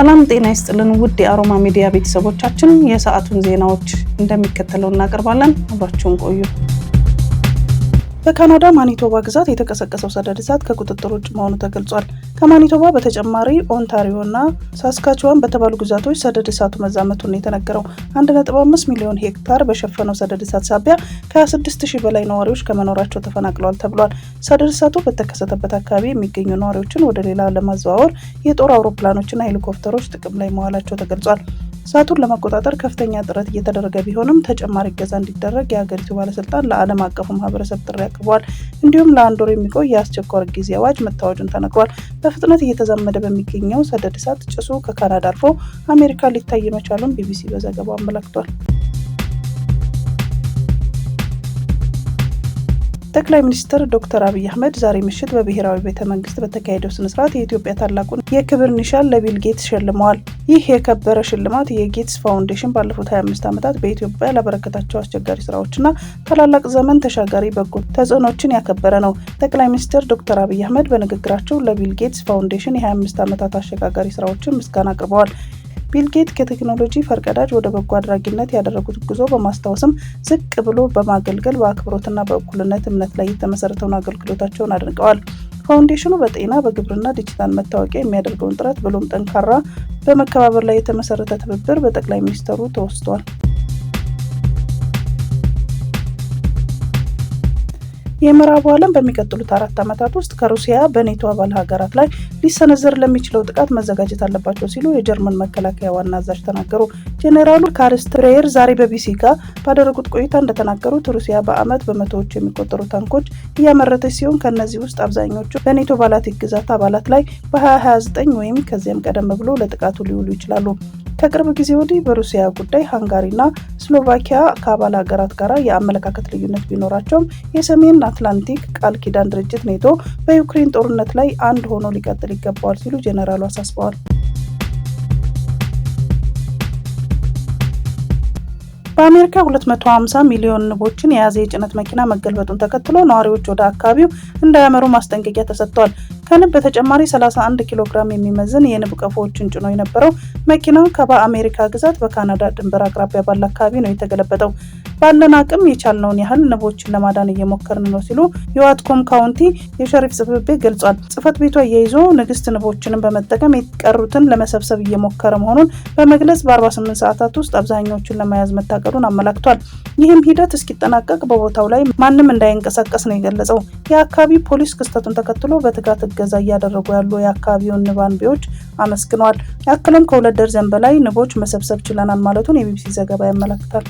ሰላም ጤና ይስጥልን ውድ የአሮማ ሚዲያ ቤተሰቦቻችን፣ የሰዓቱን ዜናዎች እንደሚከተለው እናቀርባለን። አብራችሁን ቆዩ። በካናዳ ማኒቶባ ግዛት የተቀሰቀሰው ሰደድ እሳት ከቁጥጥር ውጭ መሆኑ ተገልጿል። ከማኒቶባ በተጨማሪ ኦንታሪዮ እና ሳስካችዋን በተባሉ ግዛቶች ሰደድ እሳቱ መዛመቱን የተነገረው 1.5 ሚሊዮን ሄክታር በሸፈነው ሰደድ እሳት ሳቢያ ከ26 ሺህ በላይ ነዋሪዎች ከመኖራቸው ተፈናቅለዋል ተብሏል። ሰደድ እሳቱ በተከሰተበት አካባቢ የሚገኙ ነዋሪዎችን ወደ ሌላ ለማዘዋወር የጦር አውሮፕላኖችና ሄሊኮፕተሮች ጥቅም ላይ መዋላቸው ተገልጿል። እሳቱን ለመቆጣጠር ከፍተኛ ጥረት እየተደረገ ቢሆንም ተጨማሪ እገዛ እንዲደረግ የሀገሪቱ ባለስልጣን ለዓለም አቀፉ ማህበረሰብ ጥሪ አቅርቧል። እንዲሁም ለአንድ ወር የሚቆይ የአስቸኳር ጊዜ አዋጅ መታወጁን ተነግሯል። በፍጥነት እየተዛመደ በሚገኘው ሰደድ እሳት ጭሱ ከካናዳ አልፎ አሜሪካ ሊታይ መቻሉን ቢቢሲ በዘገባው አመላክቷል። ጠቅላይ ሚኒስትር ዶክተር አብይ አህመድ ዛሬ ምሽት በብሔራዊ ቤተ መንግስት በተካሄደው ስነስርዓት የኢትዮጵያ ታላቁን የክብር ኒሻን ለቢል ጌትስ ሸልመዋል። ይህ የከበረ ሽልማት የጌትስ ፋውንዴሽን ባለፉት 25 ዓመታት በኢትዮጵያ ላበረከታቸው አስቸጋሪ ስራዎችና ታላላቅ ዘመን ተሻጋሪ በጎ ተጽዕኖችን ያከበረ ነው። ጠቅላይ ሚኒስትር ዶክተር አብይ አህመድ በንግግራቸው ለቢል ጌትስ ፋውንዴሽን የ25 ዓመታት አሸጋጋሪ ስራዎችን ምስጋና አቅርበዋል። ቢል ጌት ከቴክኖሎጂ ፈርቀዳጅ ወደ በጎ አድራጊነት ያደረጉት ጉዞ በማስታወስም ዝቅ ብሎ በማገልገል በአክብሮትና በእኩልነት እምነት ላይ የተመሰረተውን አገልግሎታቸውን አድንቀዋል። ፋውንዴሽኑ በጤና በግብርና ዲጂታል መታወቂያ የሚያደርገውን ጥረት ብሎም ጠንካራ በመከባበር ላይ የተመሰረተ ትብብር በጠቅላይ ሚኒስትሩ ተወስቷል። የምዕራቡ ዓለም በሚቀጥሉት አራት ዓመታት ውስጥ ከሩሲያ በኔቶ አባል ሀገራት ላይ ሊሰነዘር ለሚችለው ጥቃት መዘጋጀት አለባቸው ሲሉ የጀርመን መከላከያ ዋና አዛዥ ተናገሩ። ጄኔራሉ ካርስት ሬየር ዛሬ በቢሲ ጋር ባደረጉት ቆይታ እንደተናገሩት ሩሲያ በዓመት በመቶዎች የሚቆጠሩ ታንኮች እያመረተች ሲሆን ከእነዚህ ውስጥ አብዛኞቹ በኔቶ ባላቲክ ግዛት አባላት ላይ በ2029 ወይም ከዚያም ቀደም ብሎ ለጥቃቱ ሊውሉ ይችላሉ። ከቅርብ ጊዜ ወዲህ በሩሲያ ጉዳይ ሃንጋሪና ስሎቫኪያ ከአባል ሀገራት ጋር የአመለካከት ልዩነት ቢኖራቸውም የሰሜን አትላንቲክ ቃል ኪዳን ድርጅት ኔቶ በዩክሬን ጦርነት ላይ አንድ ሆኖ ሊቀጥል ይገባዋል ሲሉ ጄኔራሉ አሳስበዋል። በአሜሪካ 250 ሚሊዮን ንቦችን የያዘ የጭነት መኪና መገልበጡን ተከትሎ ነዋሪዎች ወደ አካባቢው እንዳያመሩ ማስጠንቀቂያ ተሰጥቷል። ከንብ በተጨማሪ 31 ኪሎ ግራም የሚመዝን የንብ ቀፎዎችን ጭኖ የነበረው መኪናው በአሜሪካ ግዛት በካናዳ ድንበር አቅራቢያ ባለ አካባቢ ነው የተገለበጠው። ባለን አቅም የቻልነውን ያህል ንቦችን ለማዳን እየሞከርን ነው ሲሉ የዋትኮም ካውንቲ የሸሪፍ ጽሕፈት ቤት ገልጿል። ጽሕፈት ቤቱ አያይዞ ንግስት ንቦችንም በመጠቀም የቀሩትን ለመሰብሰብ እየሞከረ መሆኑን በመግለጽ በ48 ሰዓታት ውስጥ አብዛኛዎቹን ለመያዝ መታቀዱን አመላክቷል። ይህም ሂደት እስኪጠናቀቅ በቦታው ላይ ማንም እንዳይንቀሳቀስ ነው የገለጸው። የአካባቢ ፖሊስ ክስተቱን ተከትሎ በትጋት እገዛ እያደረጉ ያሉ የአካባቢውን ንብ አመስግነዋል። ያክልም ከሁለት ደርዘን በላይ ንቦች መሰብሰብ ችለናል ማለቱን የቢቢሲ ዘገባ ያመለክታል።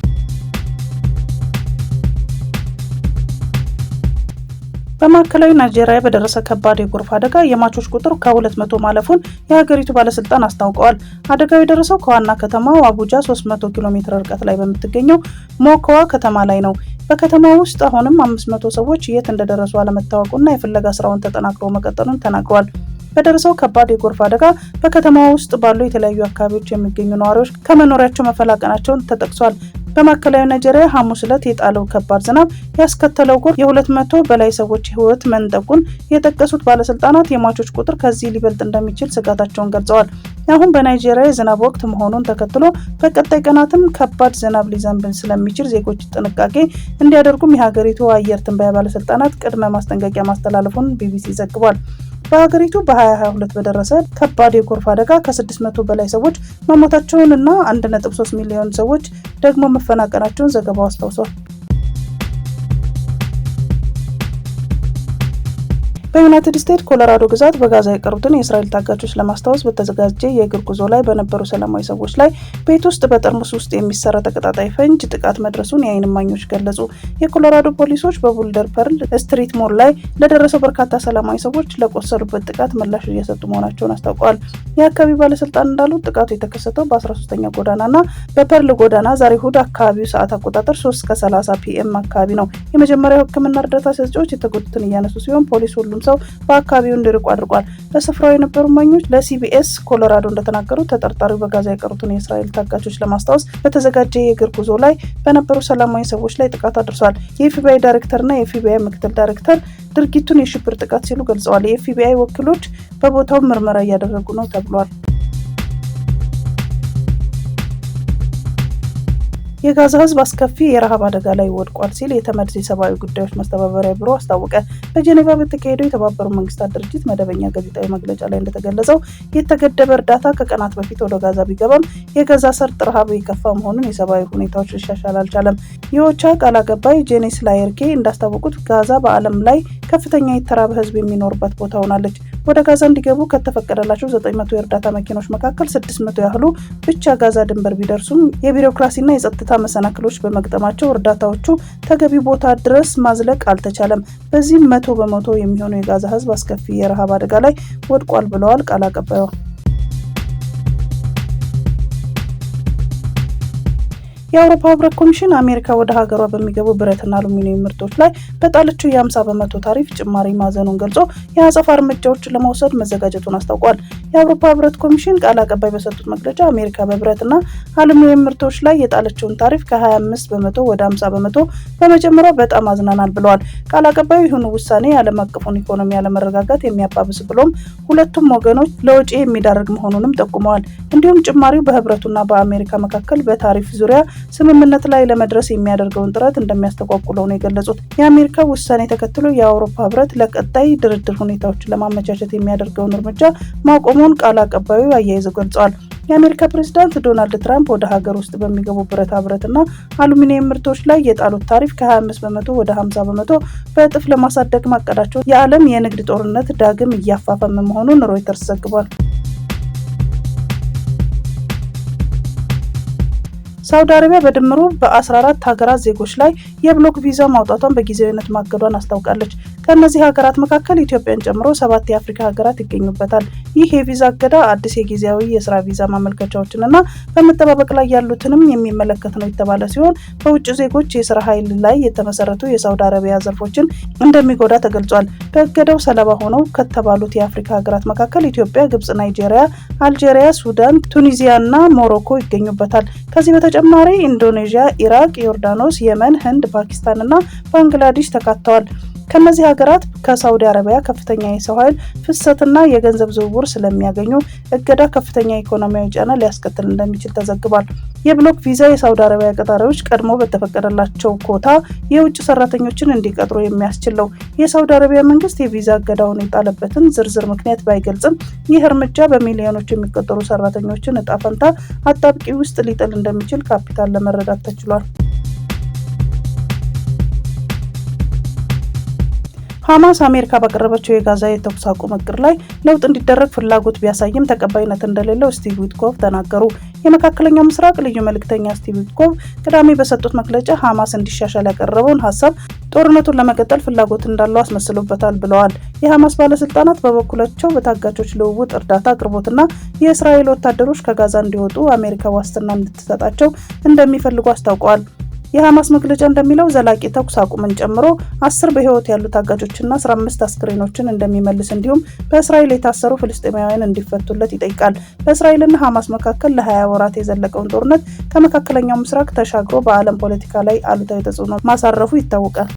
በማዕከላዊ ናይጄሪያ በደረሰ ከባድ የጎርፍ አደጋ የማቾች ቁጥር ከሁለት መቶ ማለፉን የሀገሪቱ ባለስልጣን አስታውቀዋል። አደጋው የደረሰው ከዋና ከተማው አቡጃ 300 ኪሎ ሜትር ርቀት ላይ በምትገኘው ሞኮዋ ከተማ ላይ ነው። በከተማ ውስጥ አሁንም 500 ሰዎች የት እንደደረሱ አለመታወቁና የፍለጋ ስራውን ተጠናክሮ መቀጠሉን ተናግረዋል። በደረሰው ከባድ የጎርፍ አደጋ በከተማ ውስጥ ባሉ የተለያዩ አካባቢዎች የሚገኙ ነዋሪዎች ከመኖሪያቸው መፈላቀናቸውን ተጠቅሷል። በማዕከላዊ ናይጄሪያ ሐሙስ ዕለት የጣለው ከባድ ዝናብ ያስከተለው ጎርፍ የሁለት መቶ በላይ ሰዎች ህይወት መንጠቁን የጠቀሱት ባለስልጣናት የሟቾች ቁጥር ከዚህ ሊበልጥ እንደሚችል ስጋታቸውን ገልጸዋል። አሁን በናይጄሪያ የዝናብ ወቅት መሆኑን ተከትሎ በቀጣይ ቀናትም ከባድ ዝናብ ሊዘንብ ስለሚችል ዜጎች ጥንቃቄ እንዲያደርጉም የሀገሪቱ አየር ትንበያ ባለስልጣናት ቅድመ ማስጠንቀቂያ ማስተላለፉን ቢቢሲ ዘግቧል። በሀገሪቱ በ2022 በደረሰ ከባድ የጎርፍ አደጋ ከ600 በላይ ሰዎች መሞታቸውን እና 1.3 ሚሊዮን ሰዎች ደግሞ መፈናቀላቸውን ዘገባው አስታውሷል። በዩናይትድ ስቴትስ ኮሎራዶ ግዛት በጋዛ የቀሩትን የእስራኤል ታጋቾች ለማስታወስ በተዘጋጀ የእግር ጉዞ ላይ በነበሩ ሰላማዊ ሰዎች ላይ ቤት ውስጥ በጠርሙስ ውስጥ የሚሰራ ተቀጣጣይ ፈንጅ ጥቃት መድረሱን የአይን እማኞች ገለጹ። የኮሎራዶ ፖሊሶች በቡልደር ፐርል ስትሪት ሞል ላይ ለደረሰው በርካታ ሰላማዊ ሰዎች ለቆሰሉበት ጥቃት ምላሽ እየሰጡ መሆናቸውን አስታውቀዋል። የአካባቢው ባለስልጣን እንዳሉት ጥቃቱ የተከሰተው በ13ኛ ጎዳናና በፐርል ጎዳና ዛሬ እሁድ አካባቢው ሰዓት አቆጣጠር 3 ከ30 ፒኤም አካባቢ ነው። የመጀመሪያው ሕክምና እርዳታ ሰጪዎች የተጎዱትን እያነሱ ሲሆን ፖሊስ ሁሉም ማንም ሰው በአካባቢው እንዲርቁ አድርጓል። በስፍራው የነበሩ እማኞች ለሲቢኤስ ኮሎራዶ እንደተናገሩት ተጠርጣሪው በጋዛ የቀሩትን የእስራኤል ታጋቾች ለማስታወስ በተዘጋጀ የእግር ጉዞ ላይ በነበሩ ሰላማዊ ሰዎች ላይ ጥቃት አድርሷል። የኤፍቢአይ ዳይሬክተርና የኤፍቢአይ ምክትል ዳይሬክተር ድርጊቱን የሽብር ጥቃት ሲሉ ገልጸዋል። የኤፍቢአይ ወኪሎች በቦታው ምርመራ እያደረጉ ነው ተብሏል። የጋዛ ህዝብ አስከፊ የረሃብ አደጋ ላይ ወድቋል ሲል የተመድ የሰብአዊ ጉዳዮች ማስተባበሪያ ቢሮ አስታወቀ። በጀኔቫ በተካሄደው የተባበሩት መንግስታት ድርጅት መደበኛ ጋዜጣዊ መግለጫ ላይ እንደተገለጸው የተገደበ እርዳታ ከቀናት በፊት ወደ ጋዛ ቢገባም የጋዛ ሰርጥ ረሃብ የከፋ መሆኑን የሰብአዊ ሁኔታዎች ሊሻሻል አልቻለም። የኦቻ ቃል አቀባይ ጄኔስ ላየርኬ እንዳስታወቁት ጋዛ በዓለም ላይ ከፍተኛ የተራበ ህዝብ የሚኖርበት ቦታ ሆናለች። ወደ ጋዛ እንዲገቡ ከተፈቀደላቸው 900 የእርዳታ መኪኖች መካከል 600 ያህሉ ብቻ ጋዛ ድንበር ቢደርሱም የቢሮክራሲና የጸጥታ መሰናክሎች በመግጠማቸው እርዳታዎቹ ተገቢ ቦታ ድረስ ማዝለቅ አልተቻለም። በዚህም መቶ በመቶ የሚሆነው የጋዛ ህዝብ አስከፊ የረሃብ አደጋ ላይ ወድቋል ብለዋል ቃል አቀባዩ። የአውሮፓ ህብረት ኮሚሽን አሜሪካ ወደ ሀገሯ በሚገቡ ብረትና አሉሚኒየም ምርቶች ላይ በጣለችው የ50 በመቶ ታሪፍ ጭማሪ ማዘኑን ገልጾ የአጸፋ እርምጃዎችን ለመውሰድ መዘጋጀቱን አስታውቋል። የአውሮፓ ህብረት ኮሚሽን ቃል አቀባይ በሰጡት መግለጫ አሜሪካ በብረትና አሉሚኒየም ምርቶች ላይ የጣለችውን ታሪፍ ከ25 በመቶ ወደ 50 በመቶ በመጨመሯ በጣም አዝናናል ብለዋል። ቃል አቀባዩ ይሁን ውሳኔ የዓለም አቀፉን ኢኮኖሚ ያለመረጋጋት የሚያባብስ ብሎም ሁለቱም ወገኖች ለውጪ የሚዳርግ መሆኑንም ጠቁመዋል። እንዲሁም ጭማሪው በህብረቱና በአሜሪካ መካከል በታሪፍ ዙሪያ ስምምነት ላይ ለመድረስ የሚያደርገውን ጥረት እንደሚያስተጓጉለው ነው የገለጹት። የአሜሪካ ውሳኔ ተከትሎ የአውሮፓ ህብረት ለቀጣይ ድርድር ሁኔታዎችን ለማመቻቸት የሚያደርገውን እርምጃ ማቆሙን ቃል አቀባዩ አያይዘው ገልጸዋል። የአሜሪካ ፕሬዚዳንት ዶናልድ ትራምፕ ወደ ሀገር ውስጥ በሚገቡ ብረታ ብረትና አሉሚኒየም ምርቶች ላይ የጣሉት ታሪፍ ከ25 በመቶ ወደ 50 በመቶ በእጥፍ ለማሳደግ ማቀዳቸው የዓለም የንግድ ጦርነት ዳግም እያፋፈመ መሆኑን ሮይተርስ ዘግቧል። ሳውዲ አረቢያ በድምሩ በ14 ሀገራት ዜጎች ላይ የብሎክ ቪዛ ማውጣቷን በጊዜያዊነት ማገዷን አስታውቃለች። ከእነዚህ ሀገራት መካከል ኢትዮጵያን ጨምሮ ሰባት የአፍሪካ ሀገራት ይገኙበታል። ይህ የቪዛ እገዳ አዲስ የጊዜያዊ የስራ ቪዛ ማመልከቻዎችን ና በመጠባበቅ ላይ ያሉትንም የሚመለከት ነው የተባለ ሲሆን በውጭ ዜጎች የስራ ኃይል ላይ የተመሰረቱ የሳውዲ አረቢያ ዘርፎችን እንደሚጎዳ ተገልጿል። በእገዳው ሰለባ ሆነው ከተባሉት የአፍሪካ ሀገራት መካከል ኢትዮጵያ፣ ግብጽ፣ ናይጄሪያ፣ አልጄሪያ፣ ሱዳን፣ ቱኒዚያ እና ሞሮኮ ይገኙበታል። ከዚህ በተጨማሪ ኢንዶኔዥያ፣ ኢራቅ፣ ዮርዳኖስ፣ የመን፣ ህንድ፣ ፓኪስታን እና ባንግላዴሽ ተካተዋል። ከእነዚህ ሀገራት ከሳውዲ አረቢያ ከፍተኛ የሰው ኃይል ፍሰትና የገንዘብ ዝውውር ስለሚያገኙ እገዳ ከፍተኛ ኢኮኖሚያዊ ጫና ሊያስከትል እንደሚችል ተዘግቧል። የብሎክ ቪዛ የሳውዲ አረቢያ ቀጣሪዎች ቀድሞ በተፈቀደላቸው ኮታ የውጭ ሰራተኞችን እንዲቀጥሩ የሚያስችል ነው። የሳውዲ አረቢያ መንግስት የቪዛ እገዳውን የጣለበትን ዝርዝር ምክንያት ባይገልጽም ይህ እርምጃ በሚሊዮኖች የሚቆጠሩ ሰራተኞችን እጣ ፈንታ አጣብቂ ውስጥ ሊጥል እንደሚችል ካፒታል ለመረዳት ተችሏል። ሐማስ አሜሪካ ባቀረበችው የጋዛ የተኩስ አቁም እቅድ ላይ ለውጥ እንዲደረግ ፍላጎት ቢያሳይም ተቀባይነት እንደሌለው ስቲቭ ዊትኮቭ ተናገሩ። የመካከለኛው ምስራቅ ልዩ መልእክተኛ ስቲቭ ዊትኮቭ ቅዳሜ በሰጡት መግለጫ ሐማስ እንዲሻሻል ያቀረበውን ሀሳብ ጦርነቱን ለመቀጠል ፍላጎት እንዳለው አስመስሎበታል ብለዋል። የሐማስ ባለስልጣናት በበኩላቸው በታጋቾች ልውውጥ፣ እርዳታ አቅርቦትና የእስራኤል ወታደሮች ከጋዛ እንዲወጡ አሜሪካ ዋስትና እንድትሰጣቸው እንደሚፈልጉ አስታውቀዋል። የሐማስ መግለጫ እንደሚለው ዘላቂ ተኩስ አቁምን ጨምሮ አስር በህይወት ያሉ ታጋጆችና አስራ አምስት አስክሬኖችን እንደሚመልስ እንዲሁም በእስራኤል የታሰሩ ፍልስጤማውያን እንዲፈቱለት ይጠይቃል። በእስራኤልና ሐማስ መካከል ለ20 ወራት የዘለቀውን ጦርነት ከመካከለኛው ምስራቅ ተሻግሮ በዓለም ፖለቲካ ላይ አሉታዊ ተጽዕኖ ማሳረፉ ይታወቃል።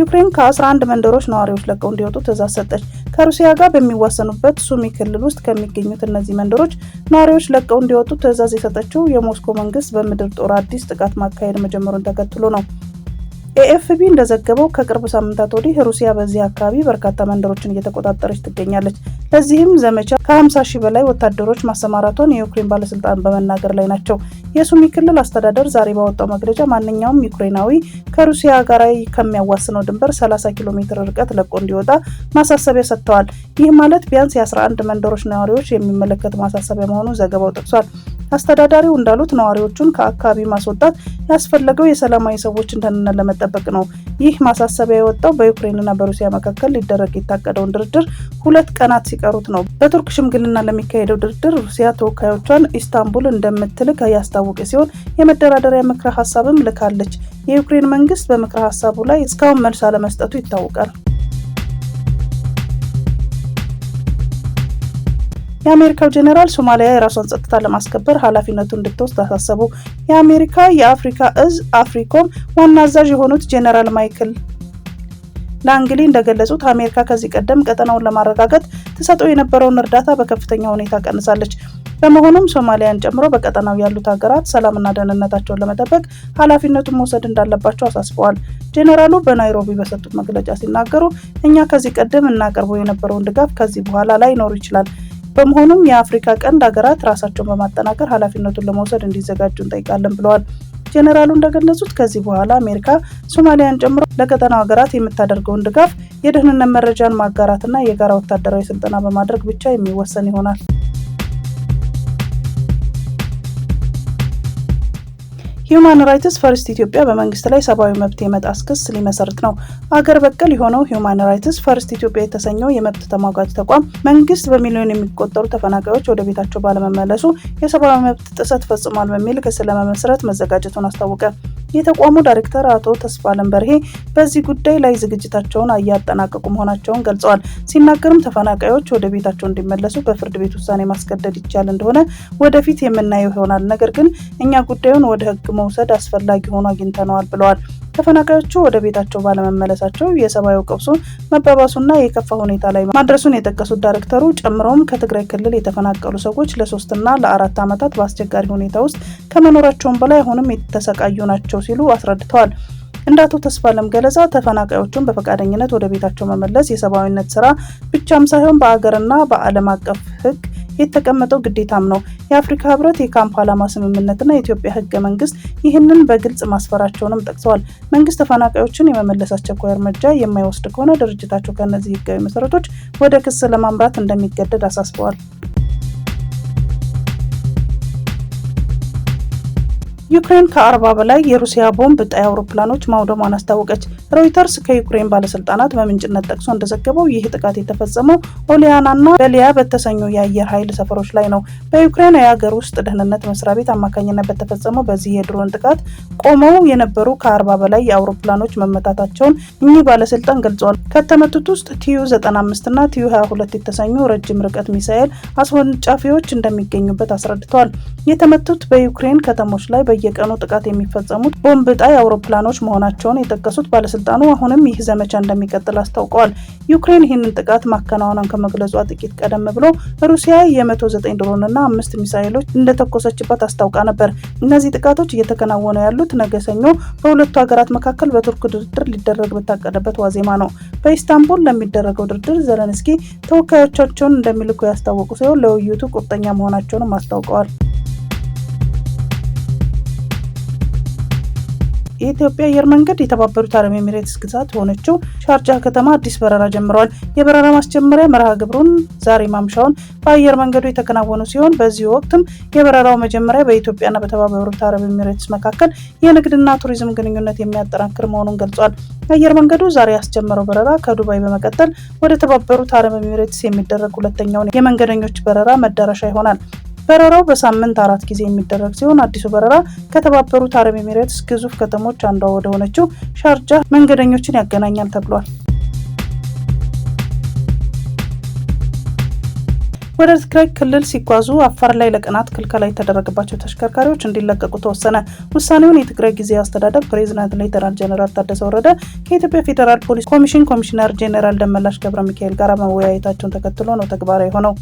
ዩክሬን ከ11 መንደሮች ነዋሪዎች ለቀው እንዲወጡ ትዕዛዝ ሰጠች። ከሩሲያ ጋር በሚዋሰኑበት ሱሚ ክልል ውስጥ ከሚገኙት እነዚህ መንደሮች ነዋሪዎች ለቀው እንዲወጡ ትዕዛዝ የሰጠችው የሞስኮ መንግስት በምድር ጦር አዲስ ጥቃት ማካሄድ መጀመሩን ተከትሎ ነው። ኤኤፍቢ እንደዘገበው ከቅርብ ሳምንታት ወዲህ ሩሲያ በዚህ አካባቢ በርካታ መንደሮችን እየተቆጣጠረች ትገኛለች። ለዚህም ዘመቻ ከ50 ሺህ በላይ ወታደሮች ማሰማራቷን የዩክሬን ባለስልጣን በመናገር ላይ ናቸው። የሱሚ ክልል አስተዳደር ዛሬ ባወጣው መግለጫ ማንኛውም ዩክሬናዊ ከሩሲያ ጋር ከሚያዋስነው ድንበር 30 ኪሎ ሜትር ርቀት ለቆ እንዲወጣ ማሳሰቢያ ሰጥተዋል። ይህ ማለት ቢያንስ የ11 መንደሮች ነዋሪዎች የሚመለከት ማሳሰቢያ መሆኑን ዘገባው ጠቅሷል። አስተዳዳሪው እንዳሉት ነዋሪዎቹን ከአካባቢ ማስወጣት ያስፈለገው የሰላማዊ ሰዎችን ደህንነት ለመጠበቅ ነው። ይህ ማሳሰቢያ የወጣው በዩክሬንና በሩሲያ መካከል ሊደረግ የታቀደውን ድርድር ሁለት ቀናት ሲቀሩት ነው። በቱርክ ሽምግልና ለሚካሄደው ድርድር ሩሲያ ተወካዮቿን ኢስታንቡል እንደምትልክ ያስታወቀ ሲሆን የመደራደሪያ ምክረ ሀሳብም ልካለች። የዩክሬን መንግስት በምክረ ሀሳቡ ላይ እስካሁን መልስ አለመስጠቱ ይታወቃል። የአሜሪካው ጄኔራል ሶማሊያ የራሷን ጸጥታ ለማስከበር ኃላፊነቱን እንድትወስድ አሳሰቡ። የአሜሪካ የአፍሪካ እዝ አፍሪኮም ዋና አዛዥ የሆኑት ጄኔራል ማይክል ላንግሊ እንደገለጹት አሜሪካ ከዚህ ቀደም ቀጠናውን ለማረጋገጥ ተሰጦ የነበረውን እርዳታ በከፍተኛ ሁኔታ ቀንሳለች። በመሆኑም ሶማሊያን ጨምሮ በቀጠናው ያሉት ሀገራት ሰላምና ደህንነታቸውን ለመጠበቅ ኃላፊነቱን መውሰድ እንዳለባቸው አሳስበዋል። ጄኔራሉ በናይሮቢ በሰጡት መግለጫ ሲናገሩ እኛ ከዚህ ቀደም እናቀርበው የነበረውን ድጋፍ ከዚህ በኋላ ላይኖሩ ይችላል በመሆኑም የአፍሪካ ቀንድ ሀገራት ራሳቸውን በማጠናከር ኃላፊነቱን ለመውሰድ እንዲዘጋጁ እንጠይቃለን ብለዋል። ጄኔራሉ እንደገለጹት ከዚህ በኋላ አሜሪካ ሶማሊያን ጨምሮ ለቀጠናው ሀገራት የምታደርገውን ድጋፍ የደህንነት መረጃን ማጋራትና የጋራ ወታደራዊ ስልጠና በማድረግ ብቻ የሚወሰን ይሆናል። ሂዩማን ራይትስ ፈርስት ኢትዮጵያ በመንግስት ላይ ሰብአዊ መብት የመጣስ ክስ ሊመሰርት ነው። አገር በቀል የሆነው ሂዩማን ራይትስ ፈርስት ኢትዮጵያ የተሰኘው የመብት ተሟጋጅ ተቋም መንግስት በሚሊዮን የሚቆጠሩ ተፈናቃዮች ወደ ቤታቸው ባለመመለሱ የሰብአዊ መብት ጥሰት ፈጽሟል በሚል ክስ ለመመስረት መዘጋጀቱን አስታወቀ። የተቋሙ ዳይሬክተር አቶ ተስፋ በርሄ በዚህ ጉዳይ ላይ ዝግጅታቸውን እያጠናቀቁ መሆናቸውን ገልጸዋል። ሲናገርም ተፈናቃዮች ወደ ቤታቸው እንዲመለሱ በፍርድ ቤት ውሳኔ ማስገደድ ይቻል እንደሆነ ወደፊት የምናየው ይሆናል፣ ነገር ግን እኛ ጉዳዩን ወደ ህግ መውሰድ አስፈላጊ ሆኖ አግኝተነዋል ብለዋል። ተፈናቃዮቹ ወደ ቤታቸው ባለመመለሳቸው የሰብአዊ ቀውሱ መባባሱና የከፋ ሁኔታ ላይ ማድረሱን የጠቀሱት ዳይሬክተሩ ጨምሮም ከትግራይ ክልል የተፈናቀሉ ሰዎች ለሶስትና ለአራት ዓመታት በአስቸጋሪ ሁኔታ ውስጥ ከመኖራቸውም በላይ አሁንም የተሰቃዩ ናቸው ሲሉ አስረድተዋል። እንደ አቶ ተስፋለም ገለጻ ተፈናቃዮቹን በፈቃደኝነት ወደ ቤታቸው መመለስ የሰብአዊነት ስራ ብቻም ሳይሆን በአገርና በዓለም አቀፍ ሕግ የተቀመጠው ግዴታም ነው። የአፍሪካ ህብረት የካምፓላማ ስምምነትና የኢትዮጵያ ህገ መንግስት ይህንን በግልጽ ማስፈራቸውንም ጠቅሰዋል። መንግስት ተፈናቃዮችን የመመለስ አስቸኳይ እርምጃ የማይወስድ ከሆነ ድርጅታቸው ከእነዚህ ህጋዊ መሰረቶች ወደ ክስ ለማምራት እንደሚገደድ አሳስበዋል። ዩክሬን ከአርባ በላይ የሩሲያ ቦምብ ጣይ አውሮፕላኖች ማውደሟን አስታወቀች። ሮይተርስ ከዩክሬን ባለስልጣናት በምንጭነት ጠቅሶ እንደዘገበው ይህ ጥቃት የተፈጸመው ኦሊያናና በሊያ በተሰኙ የአየር ኃይል ሰፈሮች ላይ ነው። በዩክሬን የሀገር ውስጥ ደህንነት መስሪያ ቤት አማካኝነት በተፈጸመው በዚህ የድሮን ጥቃት ቆመው የነበሩ ከአርባ በላይ የአውሮፕላኖች መመታታቸውን እኚህ ባለስልጣን ገልጸዋል። ከተመቱት ውስጥ ቲዩ 95 እና ቲዩ 22 የተሰኙ ረጅም ርቀት ሚሳኤል አስወንጫፊዎች እንደሚገኙበት አስረድተዋል። የተመቱት በዩክሬን ከተሞች ላይ በየቀኑ ጥቃት የሚፈጸሙት ቦምብ ጣይ አውሮፕላኖች መሆናቸውን የጠቀሱት ባለስልጣኑ አሁንም ይህ ዘመቻ እንደሚቀጥል አስታውቀዋል። ዩክሬን ይህንን ጥቃት ማከናወኗን ከመግለጿ ጥቂት ቀደም ብሎ ሩሲያ የ109 ድሮንና አምስት ሚሳይሎች እንደተኮሰችባት አስታውቃ ነበር። እነዚህ ጥቃቶች እየተከናወኑ ያሉት ነገ ሰኞ በሁለቱ ሀገራት መካከል በቱርክ ድርድር ሊደረግ በታቀደበት ዋዜማ ነው። በኢስታንቡል ለሚደረገው ድርድር ዘለንስኪ ተወካዮቻቸውን እንደሚልኩ ያስታወቁ ሲሆን ለውይይቱ ቁርጠኛ መሆናቸውንም አስታውቀዋል። የኢትዮጵያ አየር መንገድ የተባበሩት አረብ ኤሚሬትስ ግዛት የሆነችው ሻርጃ ከተማ አዲስ በረራ ጀምረዋል። የበረራ ማስጀመሪያ መርሃ ግብሩን ዛሬ ማምሻውን በአየር መንገዱ የተከናወኑ ሲሆን በዚህ ወቅትም የበረራው መጀመሪያ በኢትዮጵያና በተባበሩት አረብ ኤሚሬትስ መካከል የንግድና ቱሪዝም ግንኙነት የሚያጠናክር መሆኑን ገልጿል። አየር መንገዱ ዛሬ ያስጀመረው በረራ ከዱባይ በመቀጠል ወደ ተባበሩት አረብ ኤሚሬትስ የሚደረግ ሁለተኛውን የመንገደኞች በረራ መዳረሻ ይሆናል። በረራው በሳምንት አራት ጊዜ የሚደረግ ሲሆን አዲሱ በረራ ከተባበሩት አረብ ኤሚሬትስ ግዙፍ ከተሞች አንዷ ወደሆነችው ሻርጃ መንገደኞችን ያገናኛል ተብሏል። ወደ ትግራይ ክልል ሲጓዙ አፋር ላይ ለቀናት ክልከላ የተደረገባቸው ተሽከርካሪዎች እንዲለቀቁ ተወሰነ። ውሳኔውን የትግራይ ጊዜያዊ አስተዳደር ፕሬዚዳንት ሌተናል ጀኔራል ታደሰ ወረደ ከኢትዮጵያ ፌዴራል ፖሊስ ኮሚሽን ኮሚሽነር ጄኔራል ደመላሽ ገብረ ሚካኤል ጋር መወያየታቸውን ተከትሎ ነው ተግባራዊ ሆነው።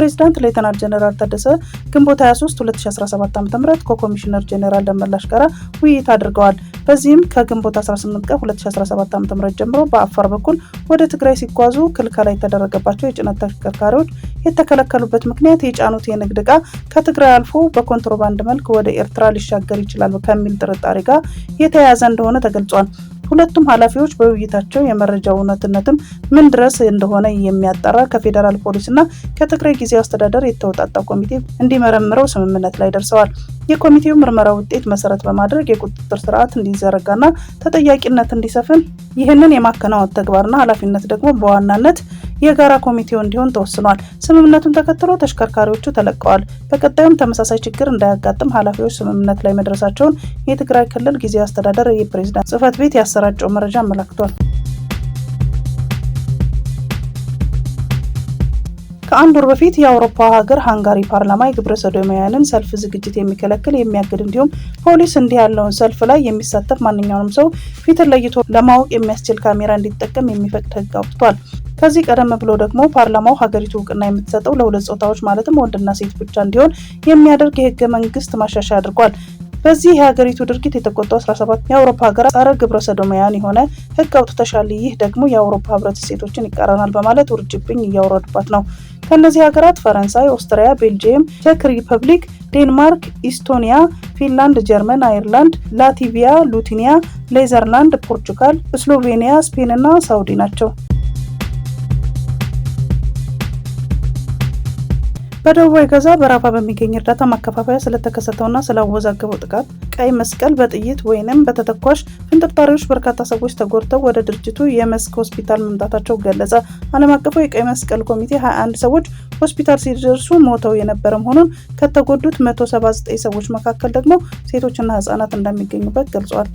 ፕሬዚዳንት ሌተናል ጀኔራል ታደሰ ግንቦት 23 2017 ዓ.ም ከኮሚሽነር ጀኔራል ደመላሽ ጋር ውይይት አድርገዋል። በዚህም ከግንቦት 18 ቀን 2017 ዓ.ም ጀምሮ በአፋር በኩል ወደ ትግራይ ሲጓዙ ክልከላ የተደረገባቸው የጭነት ተሽከርካሪዎች የተከለከሉበት ምክንያት የጫኑት የንግድ እቃ ከትግራይ አልፎ በኮንትሮባንድ መልክ ወደ ኤርትራ ሊሻገር ይችላል ከሚል ጥርጣሬ ጋር የተያያዘ እንደሆነ ተገልጿል። ሁለቱም ኃላፊዎች በውይይታቸው የመረጃ እውነትነትም ምን ድረስ እንደሆነ የሚያጠራ ከፌዴራል ፖሊስና ከትግራይ ጊዜያዊ አስተዳደር የተውጣጣ ኮሚቴ እንዲመረምረው ስምምነት ላይ ደርሰዋል። የኮሚቴው ምርመራ ውጤት መሰረት በማድረግ የቁጥጥር ስርዓት እንዲዘረጋና ተጠያቂነት እንዲሰፍን ይህንን የማከናወን ተግባርና ኃላፊነት ደግሞ በዋናነት የጋራ ኮሚቴው እንዲሆን ተወስኗል። ስምምነቱን ተከትሎ ተሽከርካሪዎቹ ተለቀዋል። በቀጣዩም ተመሳሳይ ችግር እንዳያጋጥም ኃላፊዎች ስምምነት ላይ መድረሳቸውን የትግራይ ክልል ጊዜያዊ አስተዳደር የፕሬዝዳንት ጽህፈት ቤት ያሰራጨው መረጃ አመላክቷል። ከአንድ ወር በፊት የአውሮፓ ሀገር ሃንጋሪ ፓርላማ የግብረ ሰዶማውያንን ሰልፍ ዝግጅት የሚከለክል የሚያግድ እንዲሁም ፖሊስ እንዲህ ያለውን ሰልፍ ላይ የሚሳተፍ ማንኛውንም ሰው ፊትን ለይቶ ለማወቅ የሚያስችል ካሜራ እንዲጠቀም የሚፈቅድ ህግ አውጥቷል። ከዚህ ቀደም ብሎ ደግሞ ፓርላማው ሀገሪቱ እውቅና የምትሰጠው ለሁለት ጾታዎች ማለትም ወንድና ሴት ብቻ እንዲሆን የሚያደርግ የህገ መንግስት ማሻሻያ አድርጓል። በዚህ የሀገሪቱ ድርጊት የተቆጡ 17 የአውሮፓ ሀገራት ጸረ ግብረ ሰዶማያን የሆነ ህግ አውጥተሻል፣ ይህ ደግሞ የአውሮፓ ህብረት እሴቶችን ይቃረናል በማለት ውርጅብኝ እያወረዱባት ነው። ከእነዚህ ሀገራት ፈረንሳይ፣ ኦስትሪያ፣ ቤልጅየም፣ ቼክ ሪፐብሊክ፣ ዴንማርክ፣ ኢስቶኒያ፣ ፊንላንድ፣ ጀርመን፣ አይርላንድ፣ ላቲቪያ፣ ሉቲኒያ፣ ኔዘርላንድ፣ ፖርቹጋል፣ ስሎቬኒያ፣ ስፔን እና ሳውዲ ናቸው። በደቡባዊ ጋዛ በራፋ በሚገኝ እርዳታ ማከፋፈያ ስለተከሰተውና ስላወዛገበው ጥቃት ቀይ መስቀል በጥይት ወይንም በተተኳሽ ፍንጥርጣሪዎች በርካታ ሰዎች ተጎድተው ወደ ድርጅቱ የመስክ ሆስፒታል መምጣታቸው ገለጸ። ዓለም አቀፉ የቀይ መስቀል ኮሚቴ 21 ሰዎች ሆስፒታል ሲደርሱ ሞተው የነበረ መሆኑን ከተጎዱት 179 ሰዎች መካከል ደግሞ ሴቶችና ህጻናት እንደሚገኙበት ገልጿል።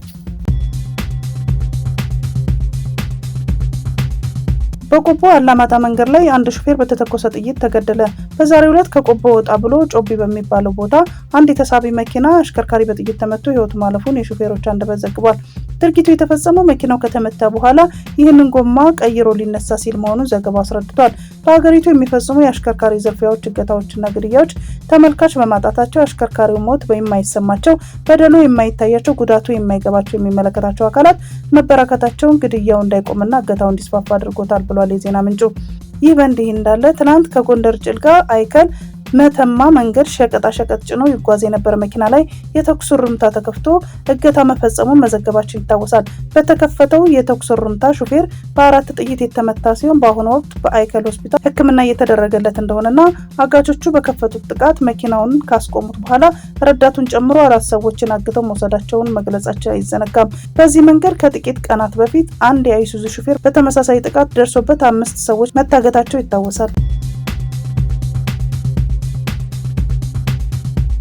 በቆቦ አላማጣ መንገድ ላይ አንድ ሹፌር በተተኮሰ ጥይት ተገደለ። በዛሬው ዕለት ከቆቦ ወጣ ብሎ ጮቢ በሚባለው ቦታ አንድ የተሳቢ መኪና አሽከርካሪ በጥይት ተመቶ ህይወቱ ማለፉን የሹፌሮች አንደበት ዘግቧል። ድርጊቱ የተፈጸመው መኪናው ከተመታ በኋላ ይህንን ጎማ ቀይሮ ሊነሳ ሲል መሆኑን ዘገባው አስረድቷል። በሀገሪቱ የሚፈጽሙ የአሽከርካሪ ዝርፊያዎች፣ እገታዎችና ግድያዎች ተመልካች በማጣታቸው አሽከርካሪው ሞት የማይሰማቸው፣ በደሉ የማይታያቸው፣ ጉዳቱ የማይገባቸው የሚመለከታቸው አካላት መበራከታቸውን ግድያው እንዳይቆምና እገታው እንዲስፋፋ አድርጎታል ብሏል የዜና ምንጩ። ይህ በእንዲህ እንዳለ ትናንት ከጎንደር ጭልጋ አይከል መተማ መንገድ ሸቀጣሸቀጥ ጭኖ ይጓዝ የነበረ መኪና ላይ የተኩስ ሩምታ ተከፍቶ እገታ መፈጸሙን መዘገባችን ይታወሳል። በተከፈተው የተኩስ ሩምታ ሹፌር በአራት ጥይት የተመታ ሲሆን በአሁኑ ወቅት በአይከል ሆስፒታል ሕክምና እየተደረገለት እንደሆነና አጋቾቹ በከፈቱት ጥቃት መኪናውን ካስቆሙት በኋላ ረዳቱን ጨምሮ አራት ሰዎችን አግተው መውሰዳቸውን መግለጻቸው አይዘነጋም። በዚህ መንገድ ከጥቂት ቀናት በፊት አንድ የአይሱዙ ሹፌር በተመሳሳይ ጥቃት ደርሶበት አምስት ሰዎች መታገታቸው ይታወሳል።